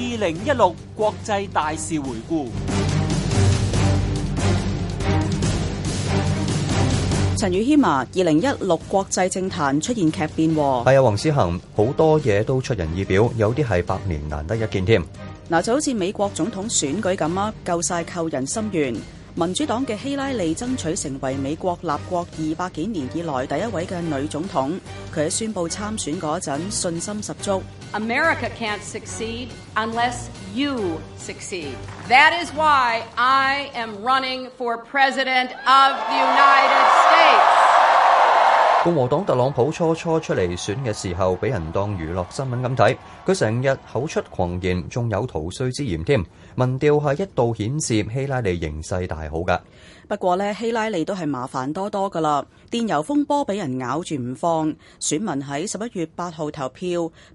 二零一六國際大事回顧。陳宇謙話：二零一六國際政壇出現劇變。係啊，黃思蘅，好多嘢都出人意表，有啲係百年難得一見添。嗱，就好似美國總統選舉咁啊，夠晒扣人心弦民主黨嘅希拉利爭取成為美國立國二百幾年以來第一位嘅女總統，佢喺宣布參選嗰陣，信心十足。America 共和黨特朗普初初出嚟選嘅時候，俾人當娛樂新聞咁睇。佢成日口出狂言，仲有逃稅之嫌添。民調係一度顯示希拉里形勢大好噶。不過呢，希拉里都係麻煩多多噶啦。電郵風波俾人咬住唔放。選民喺十一月八號投票，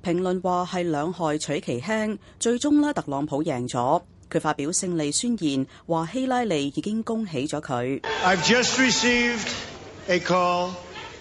評論話係兩害取其輕。最終呢，特朗普贏咗。佢發表勝利宣言，話希拉里已經恭喜咗佢。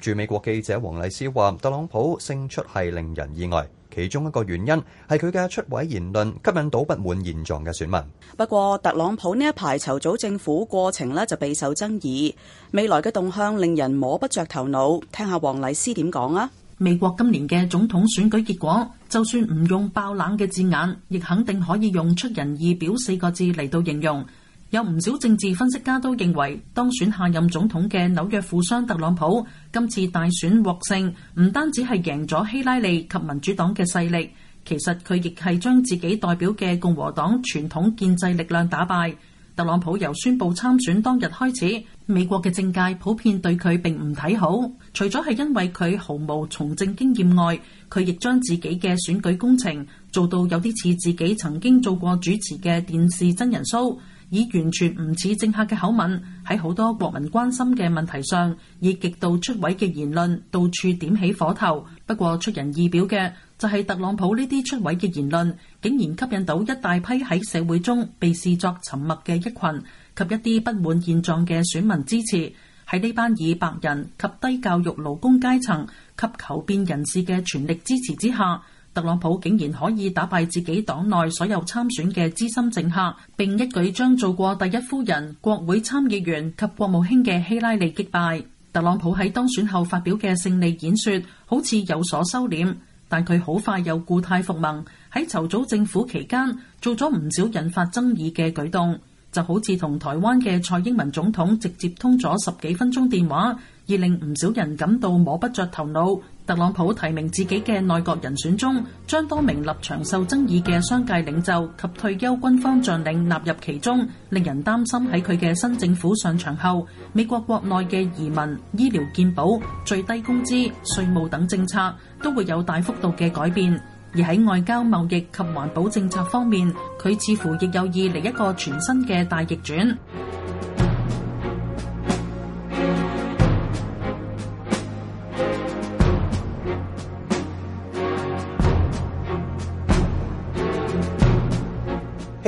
駐美國記者黃麗思話：特朗普勝出係令人意外，其中一個原因係佢嘅出位言論吸引到不滿現狀嘅選民。不過特朗普呢一排籌組政府過程呢就備受爭議，未來嘅動向令人摸不着頭腦。聽下黃麗思點講啊？美國今年嘅總統選舉結果，就算唔用爆冷嘅字眼，亦肯定可以用出人意表四個字嚟到形容。有唔少政治分析家都認為，當選下任總統嘅紐約富商特朗普今次大選獲勝，唔單止係贏咗希拉里及民主黨嘅勢力，其實佢亦係將自己代表嘅共和黨傳統建制力量打敗。特朗普由宣布參選當日開始，美國嘅政界普遍對佢並唔睇好，除咗係因為佢毫無從政經驗外，佢亦將自己嘅選舉工程做到有啲似自己曾經做過主持嘅電視真人 show。以完全唔似政客嘅口吻，喺好多國民關心嘅問題上，以極度出位嘅言論到處點起火頭。不過出人意表嘅就係特朗普呢啲出位嘅言論竟然吸引到一大批喺社會中被視作沉默嘅一群及一啲不滿現狀嘅選民支持。喺呢班以白人及低教育勞工階層及求變人士嘅全力支持之下。特朗普竟然可以打敗自己黨內所有參選嘅資深政客，並一舉將做過第一夫人、國會參議員及國務卿嘅希拉里擊敗。特朗普喺當選後發表嘅勝利演說好似有所收斂，但佢好快又故態復萌。喺籌組政府期間，做咗唔少引發爭議嘅舉動，就好似同台灣嘅蔡英文總統直接通咗十幾分鐘電話，而令唔少人感到摸不着頭腦。特朗普提名自己嘅內閣人選中，將多名立場受爭議嘅商界領袖及退休軍方將領納入其中，令人擔心喺佢嘅新政府上場後，美國國內嘅移民、醫療健保、最低工資、稅務等政策都會有大幅度嘅改變，而喺外交、貿易及環保政策方面，佢似乎亦有意嚟一個全新嘅大逆轉。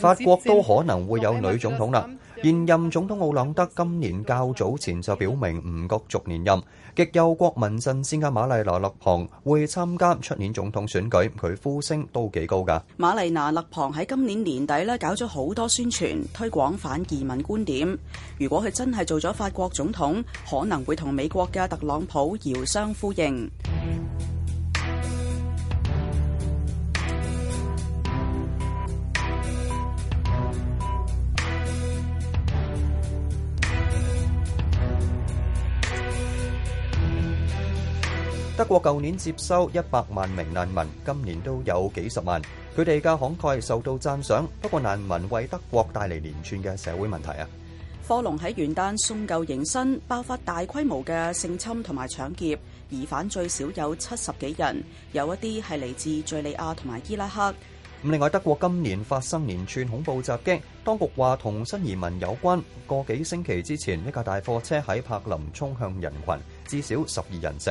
法國都可能會有女總統啦。現任總統奧朗德今年較早前就表明唔角逐連任，極右國民陣線嘅瑪麗娜勒龐會參加出年總統選舉，佢呼聲都幾高㗎。瑪麗娜勒龐喺今年年底咧搞咗好多宣傳，推廣反移民觀點。如果佢真係做咗法國總統，可能會同美國嘅特朗普遙相呼應。德國舊年接收一百萬名難民，今年都有幾十萬。佢哋嘅慷慨受到讚賞，不過難民為德國帶嚟連串嘅社會問題啊。科隆喺元旦送舊迎新，爆發大規模嘅性侵同埋搶劫，疑犯最少有七十幾人，有一啲係嚟自敘利亞同埋伊拉克。另外，德國今年發生連串恐怖襲擊，當局話同新移民有關。個幾星期之前，一架大貨車喺柏林衝向人群，至少十二人死。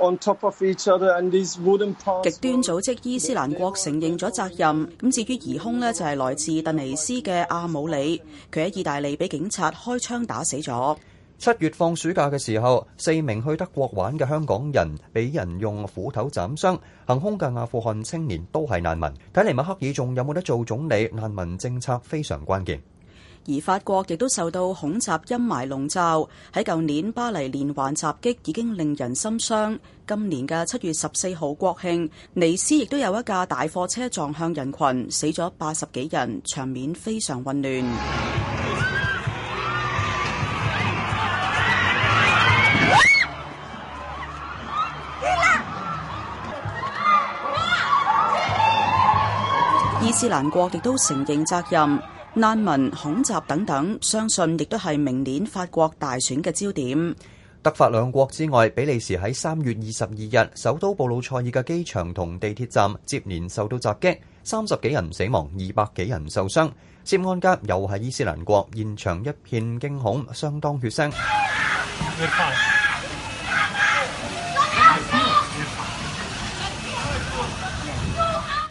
極端組織伊斯蘭國承認咗責任。咁至於疑凶呢，就係來自突尼斯嘅阿姆里，佢喺意大利俾警察開槍打死咗。七月放暑假嘅時候，四名去德國玩嘅香港人俾人用斧頭斬傷。行凶嘅阿富汗青年都係難民。睇嚟，默克爾仲有冇得做總理？難民政策非常關鍵。而法國亦都受到恐襲陰霾籠罩，喺舊年巴黎連環襲擊已經令人心傷。今年嘅七月十四號國慶，尼斯亦都有一架大貨車撞向人群，死咗八十幾人，場面非常混亂。伊斯蘭國亦都承認責任。難民恐襲等等，相信亦都係明年法國大選嘅焦點。德法兩國之外，比利時喺三月二十二日，首都布魯塞爾嘅機場同地鐵站接連受到襲擊，三十幾人死亡，二百幾人受傷。涉案家又係伊斯蘭國，現場一片驚恐，相當血腥。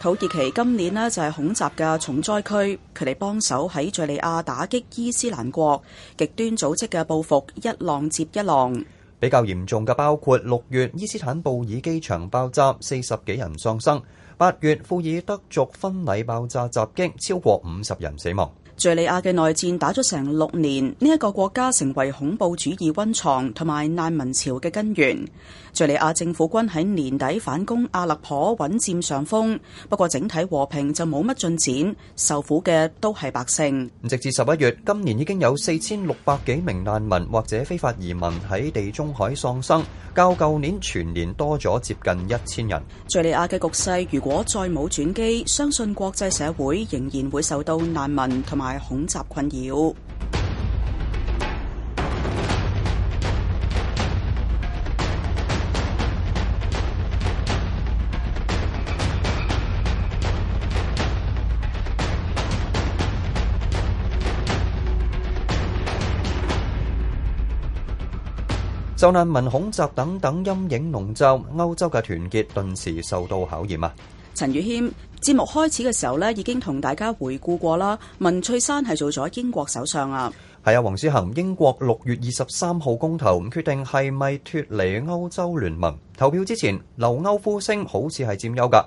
土耳其今年呢就係恐襲嘅重災區，佢哋幫手喺敘利亞打擊伊斯蘭國極端組織嘅報復一浪接一浪。比較嚴重嘅包括六月伊斯坦布爾機場爆炸，四十幾人喪生；八月庫爾德族婚禮爆炸襲擊，超過五十人死亡。敘利亞嘅內戰打咗成六年，呢一個國家成為恐怖主義溫牀同埋難民潮嘅根源。敘利亞政府軍喺年底反攻阿勒頗，穩佔上風。不過整體和平就冇乜進展，受苦嘅都係百姓。直至十一月，今年已經有四千六百幾名難民或者非法移民喺地中海喪生，較舊年全年多咗接近一千人。敘利亞嘅局勢如果再冇轉機，相信國際社會仍然會受到難民同埋恐襲困擾。受難民恐襲等等陰影籠罩，歐洲嘅團結頓時受到考驗啊！陳宇謙，節目開始嘅時候呢，已經同大家回顧過啦。文翠珊係做咗英國首相啊，係啊，黃思蘅，英國六月二十三號公投，決定係咪脫離歐洲聯盟？投票之前，留歐呼聲好似係佔優噶。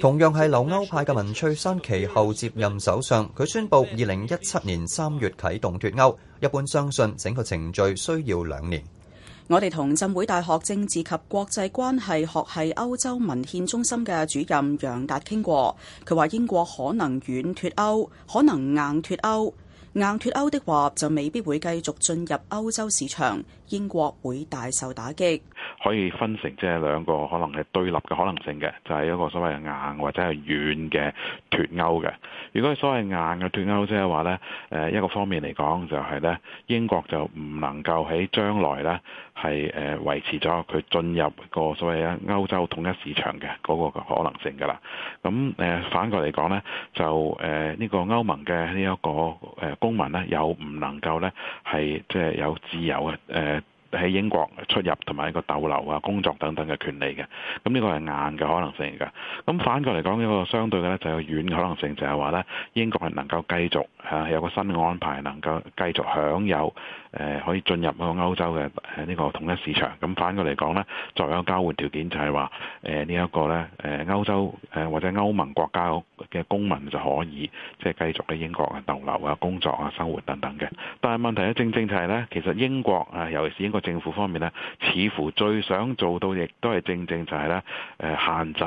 同樣係留歐派嘅文翠珊其後接任首相，佢宣布二零一七年三月啟動脱歐。一般相信整個程序需要兩年。我哋同浸會大學政治及國際關係學系歐洲文獻中心嘅主任楊達傾過，佢話英國可能軟脱歐，可能硬脱歐。硬脱歐的話就未必會繼續進入歐洲市場，英國會大受打擊。可以分成即係兩個可能係對立嘅可能性嘅，就係、是、一個所謂硬或者係軟嘅脱歐嘅。如果係所謂硬嘅脱歐，即係話呢誒一個方面嚟講就係呢英國就唔能夠喺將來呢係誒維持咗佢進入個所謂嘅歐洲統一市場嘅嗰個可能性㗎啦。咁誒反過嚟講呢，就誒呢個歐盟嘅呢一個誒公民呢，有唔能夠呢係即係有自由嘅誒？喺英國出入同埋一個逗留啊、工作等等嘅權利嘅，咁呢個係硬嘅可能性㗎。咁反過嚟講，呢個相對嘅咧就有、是、軟嘅可能性就，就係話咧英國係能夠繼續嚇、啊、有個新嘅安排，能夠繼續享有誒、呃、可以進入個歐洲嘅誒呢個統一市場。咁反過嚟講咧，作為一個交換條件就，就係話誒呢一個咧誒歐洲誒、啊、或者歐盟國家嘅公民就可以即係、就是、繼續喺英國啊逗留啊、工作啊、生活等等嘅。但係問題咧正正就係咧，其實英國啊，尤其是英國。政府方面咧，似乎最想做到，亦都係正正就係咧，誒限制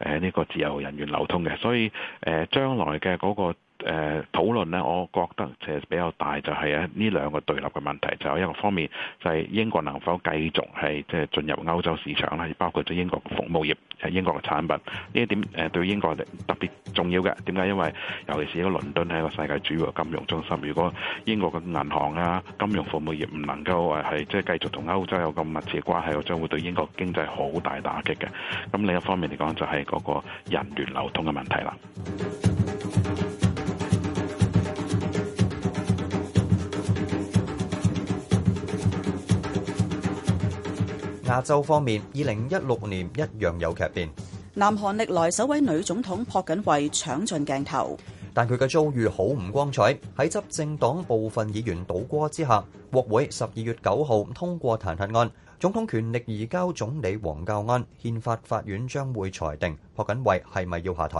誒呢個自由人員流通嘅，所以誒將來嘅嗰個。誒、嗯、討論咧，我覺得其實就比較大，就係啊呢兩個對立嘅問題。就有、是、一個方面，就係英國能否繼續係即係進入歐洲市場啦，包括咗英國服務業、係英國嘅產品呢一點誒，對英國特別重要嘅。點解？因為尤其是喺倫敦係一個世界主要金融中心，如果英國嘅銀行啊、金融服務業唔能夠誒係即係繼續同歐洲有咁密切嘅關係，我將會對英國經濟好大打擊嘅。咁另一方面嚟講，就係嗰個人員流通嘅問題啦。亞洲方面，二零一六年一樣有劇變。南韓歷來首位女總統朴槿惠搶盡鏡頭，但佢嘅遭遇好唔光彩。喺執政黨部分議員倒戈之下，國會十二月九號通過彈劾案，總統權力移交總理黃教安，憲法法院將會裁定朴槿惠係咪要下台。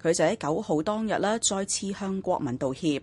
佢就喺九號當日呢再次向國民道歉。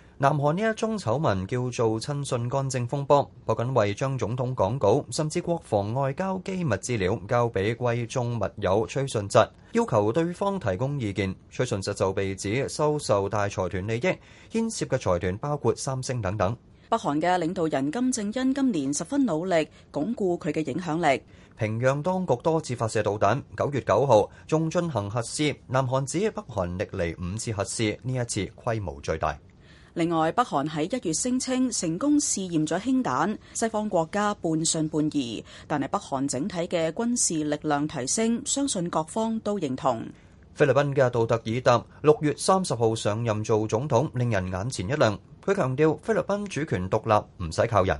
南韓呢一宗醜聞叫做親信干政風波，朴槿惠將總統講稿甚至國防外交機密資料交俾閨中密友崔順實，要求對方提供意見。崔順實就被指收受大財團利益，牽涉嘅財團包括三星等等。北韓嘅領導人金正恩今年十分努力鞏固佢嘅影響力，平壤當局多次發射導彈，九月九號仲進行核試。南韓指北韓歷嚟五次核試，呢一次規模最大。另外，北韓喺一月聲稱成功試驗咗氫彈，西方國家半信半疑，但係北韓整體嘅軍事力量提升，相信各方都認同。菲律賓嘅杜特爾特六月三十號上任做總統，令人眼前一亮。佢強調菲律賓主權獨立，唔使靠人。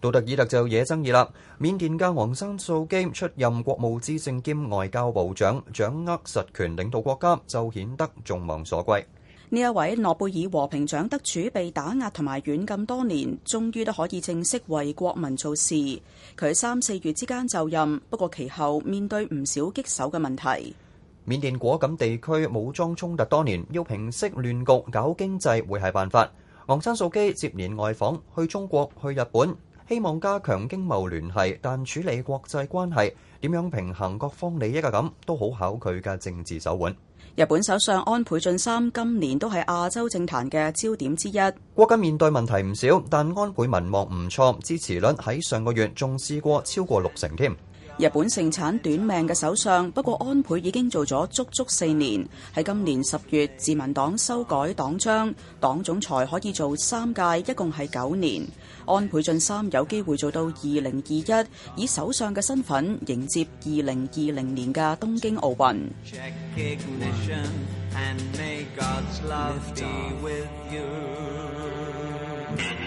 杜特爾特就惹爭議啦。緬甸嘅昂山素姬出任國務資政兼外交部長，掌握實權，領導國家就顯得眾望所歸。呢一位諾貝爾和平獎得主被打壓同埋軟禁多年，終於都可以正式為國民做事。佢喺三四月之間就任，不過其後面對唔少棘手嘅問題。緬甸果敢地區武裝衝突多年，要平息亂局、搞經濟會係辦法。昂山素姬接連外訪，去中國、去日本。希望加強經貿聯繫，但處理國際關係點樣平衡各方利益呀，噉都好考佢嘅政治手腕。日本首相安倍晉三今年都係亞洲政壇嘅焦點之一，國家面對問題唔少，但安倍民望唔錯，支持率喺上個月仲試過超過六成添。日本盛產短命嘅首相，不過安倍已經做咗足足四年。喺今年十月，自民黨修改黨章，黨總裁可以做三屆，一共係九年。安倍晉三有機會做到二零二一，以首相嘅身份迎接二零二零年嘅東京奧運。Wow.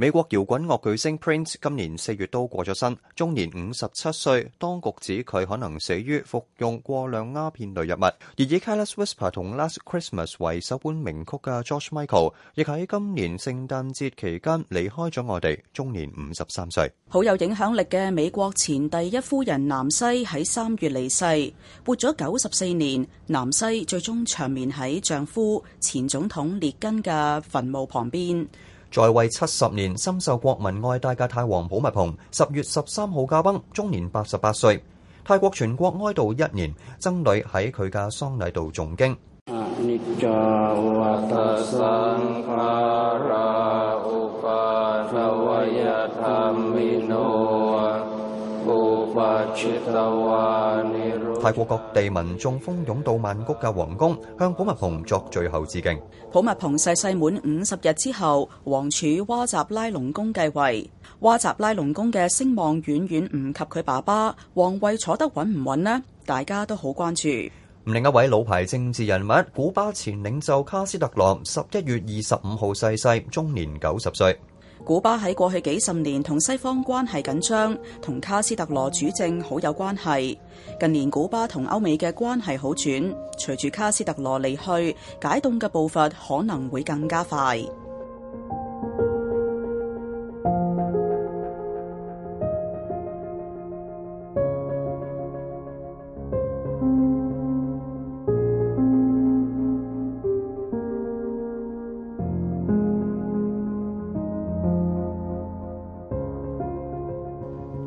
美國搖滾樂巨星 Prince 今年四月都過咗身，終年五十七歲。當局指佢可能死於服用過量鴉片類藥物。而以《Careless Whisper》同《Last Christmas》為首本名曲嘅 George Michael 亦喺今年聖誕節期間離開咗我哋，終年五十三歲。好有影響力嘅美國前第一夫人南西喺三月離世，活咗九十四年。南西最終長眠喺丈夫前總統列根嘅墳墓旁邊。在位七十年、深受國民愛戴嘅泰王普密蓬，十月十三號駕崩，終年八十八歲。泰國全國哀悼一年，僧侶喺佢嘅喪禮度誦經。泰國各地民眾蜂擁到曼谷嘅皇宮，向普密蓬作最後致敬。普密蓬逝世滿五十日之後，王儲哇扎拉隆功繼位。哇扎拉隆功嘅聲望遠遠唔及佢爸爸，皇位坐得穩唔穩呢？大家都好關注。另一位老牌政治人物古巴前領袖卡斯特羅十一月二十五號逝世，終年九十歲。古巴喺過去幾十年同西方關係緊張，同卡斯特羅主政好有關係。近年古巴同歐美嘅關係好轉，隨住卡斯特羅離去，解凍嘅步伐可能會更加快。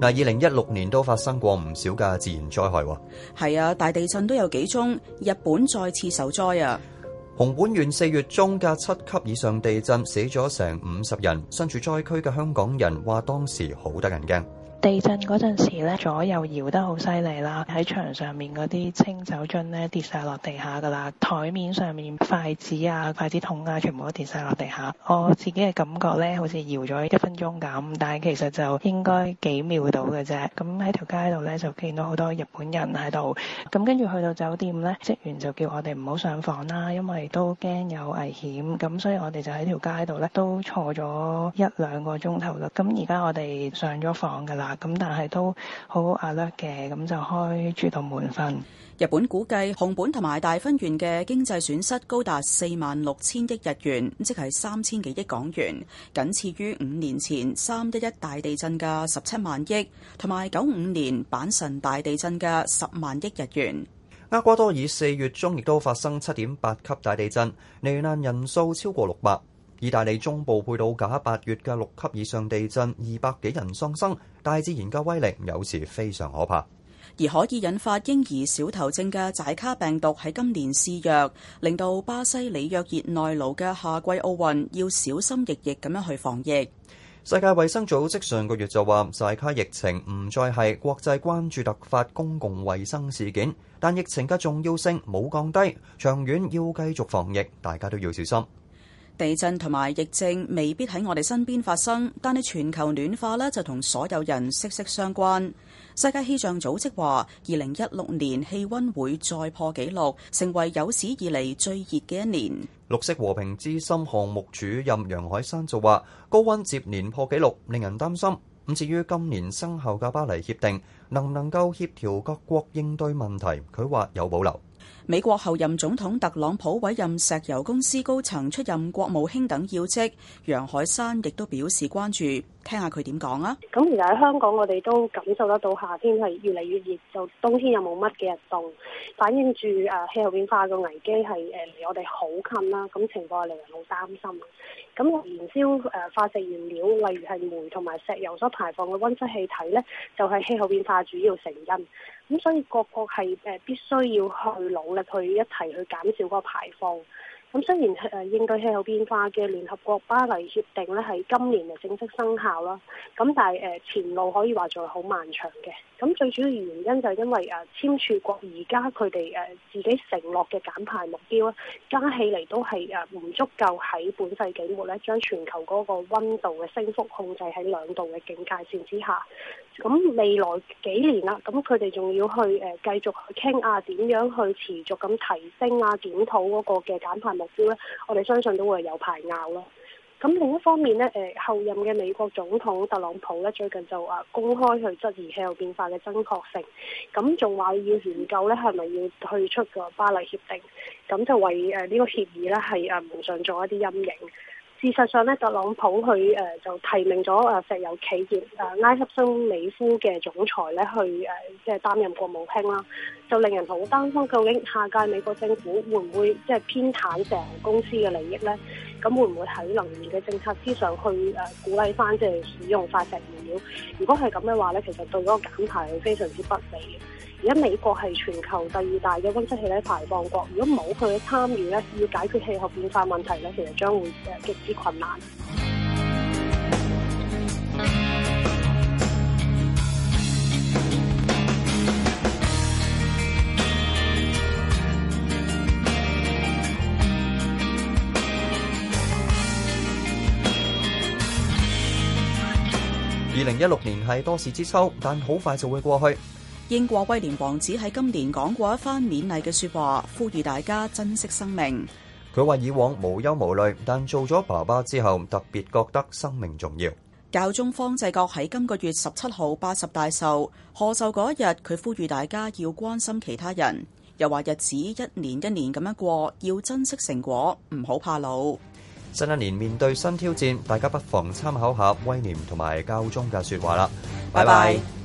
嗱，二零一六年都發生過唔少嘅自然災害喎。係啊，大地震都有幾宗，日本再次受災啊。熊本縣四月中嘅七級以上地震，死咗成五十人。身處災區嘅香港人話，當時好得人驚。地震嗰陣時咧，左右搖得好犀利啦，喺牆上面嗰啲清酒樽咧跌晒落地下㗎啦，檯面上面筷子啊、筷子桶啊，全部都跌晒落地下。我自己嘅感覺咧，好似搖咗一分鐘咁，但係其實就應該幾秒到嘅啫。咁喺條街度咧，就見到好多日本人喺度。咁跟住去到酒店咧，職員就叫我哋唔好上房啦，因為都驚有危險。咁所以我哋就喺條街度咧，都坐咗一兩個鐘頭啦。咁而家我哋上咗房㗎啦。咁但係都好壓得嘅，咁就開住度門瞓。日本估計熊本同埋大分縣嘅經濟損失高達四萬六千億日元，即係三千幾億港元，僅次於五年前三一一大地震嘅十七萬億，同埋九五年阪神大地震嘅十萬億日元。厄瓜多爾四月中亦都發生七點八級大地震，罹難人數超過六百。意大利中部佩魯賈八月嘅六級以上地震，二百幾人喪生。大自然嘅威力有時非常可怕。而可以引發嬰兒小頭症嘅寨卡病毒喺今年肆虐，令到巴西里約熱內盧嘅夏季奧運要小心翼翼咁樣去防疫。世界衛生組織上個月就話寨卡疫情唔再係國際關注突發公共衛生事件，但疫情嘅重要性冇降低，長遠要繼續防疫，大家都要小心。地震同埋疫症未必喺我哋身邊發生，但係全球暖化呢，就同所有人息息相關。世界氣象組織話，二零一六年氣溫會再破紀錄，成為有史以嚟最熱嘅一年。綠色和平資深項目主任楊海山就話：高温接連破紀錄，令人擔心。咁至於今年生效嘅巴黎協定，能唔能夠協調各國應對問題？佢話有保留。美國候任總統特朗普委任石油公司高層出任國務卿等要職，楊海山亦都表示關注。聽下佢點講啊！咁而家喺香港，我哋都感受得到夏天係越嚟越熱，就冬天又冇乜嘅日凍，反映住誒氣候變化嘅危機係誒離我哋好近啦。咁情況係令人好擔心。咁燃燒誒化石燃料，例如係煤同埋石油所排放嘅溫室氣體呢，就係、是、氣候變化主要成因。咁所以各國係誒必須要去努力去一齊去減少嗰個排放。咁雖然係誒應對氣候變化嘅聯合國巴黎協定咧，係今年誒正式生效啦。咁但係誒前路可以話仲係好漫長嘅。咁最主要原因就係因為誒簽署國而家佢哋誒自己承諾嘅減排目標啊，加起嚟都係誒唔足夠喺本世紀末咧，將全球嗰個溫度嘅升幅控制喺兩度嘅警戒線之下。咁未來幾年啦，咁佢哋仲要去、呃、繼續去傾啊，點樣去持續咁提升啊，檢討嗰個嘅減排目標咧，我哋相信都會有排拗咯。咁另一方面咧、呃，後任嘅美國總統特朗普咧，最近就公開去質疑氣候變化嘅真確性，咁仲話要研究咧係咪要退出個巴黎協定，咁就為誒呢個協議咧係蒙上咗一啲陰影。事實上咧，特朗普佢誒就提名咗誒石油企業誒埃克森美孚嘅總裁咧去誒即係擔任國務卿啦、啊，就令人好擔心究竟下屆美國政府會唔會即係偏袒石油公司嘅利益咧？咁會唔會喺能源嘅政策之上去誒、呃、鼓勵翻即係使用化石燃料？如果係咁嘅話咧，其實對嗰個減排係非常之不利嘅。而家美國係全球第二大嘅溫室氣體排放國，如果冇佢嘅參與咧，要解決氣候變化問題咧，其實將會誒極之困難。二零一六年係多事之秋，但好快就會過去。英國威廉王子喺今年講過一番勉勵嘅說話，呼籲大家珍惜生命。佢話以往無憂無慮，但做咗爸爸之後特別覺得生命重要。教宗方濟各喺今個月十七號八十大壽賀壽嗰一日，佢呼籲大家要關心其他人，又話日子一年一年咁樣過，要珍惜成果，唔好怕老。新一年面對新挑戰，大家不妨參考下威廉同埋教宗嘅說話啦。拜拜。Bye bye